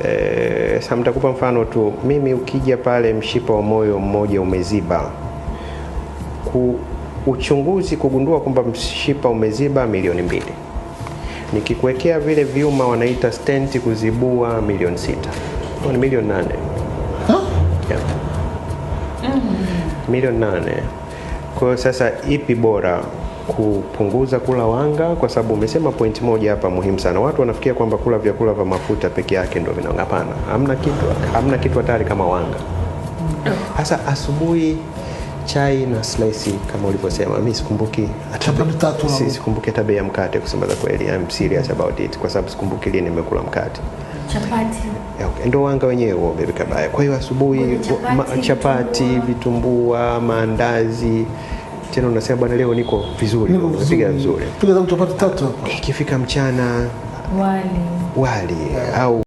E, eh, samtakupa mfano tu, mimi ukija pale mshipa wa moyo mmoja umeziba ku, uchunguzi kugundua kwamba mshipa umeziba milioni mbili, nikikuwekea vile vyuma wanaita stenti kuzibua milioni sita ni milioni nane huh? yeah. mm. milioni nane. Kwa hiyo sasa ipi bora? kupunguza kula wanga, kwa sababu umesema point moja hapa muhimu sana. Watu wanafikia kwamba kula vyakula vya mafuta peke yake ndio vinawanga. Hapana, hamna kitu, hamna kitu hatari kama wanga. Hasa asubuhi chai na slice kama ulivyosema, mimi sikumbuki si, sikumbuki hata bei ya mkate kusema za kweli. I'm serious about it kwa sababu sikumbuki lini nimekula mkate. Chapati okay. Ndo wanga wenyewe huo bebe kabaya. Kwa hiyo asubuhi chapati, chapati vitumbua, maandazi tena unasema bwana, leo niko vizuri, napiga vizuri, tatu hapo. Eh, ikifika mchana wali wali au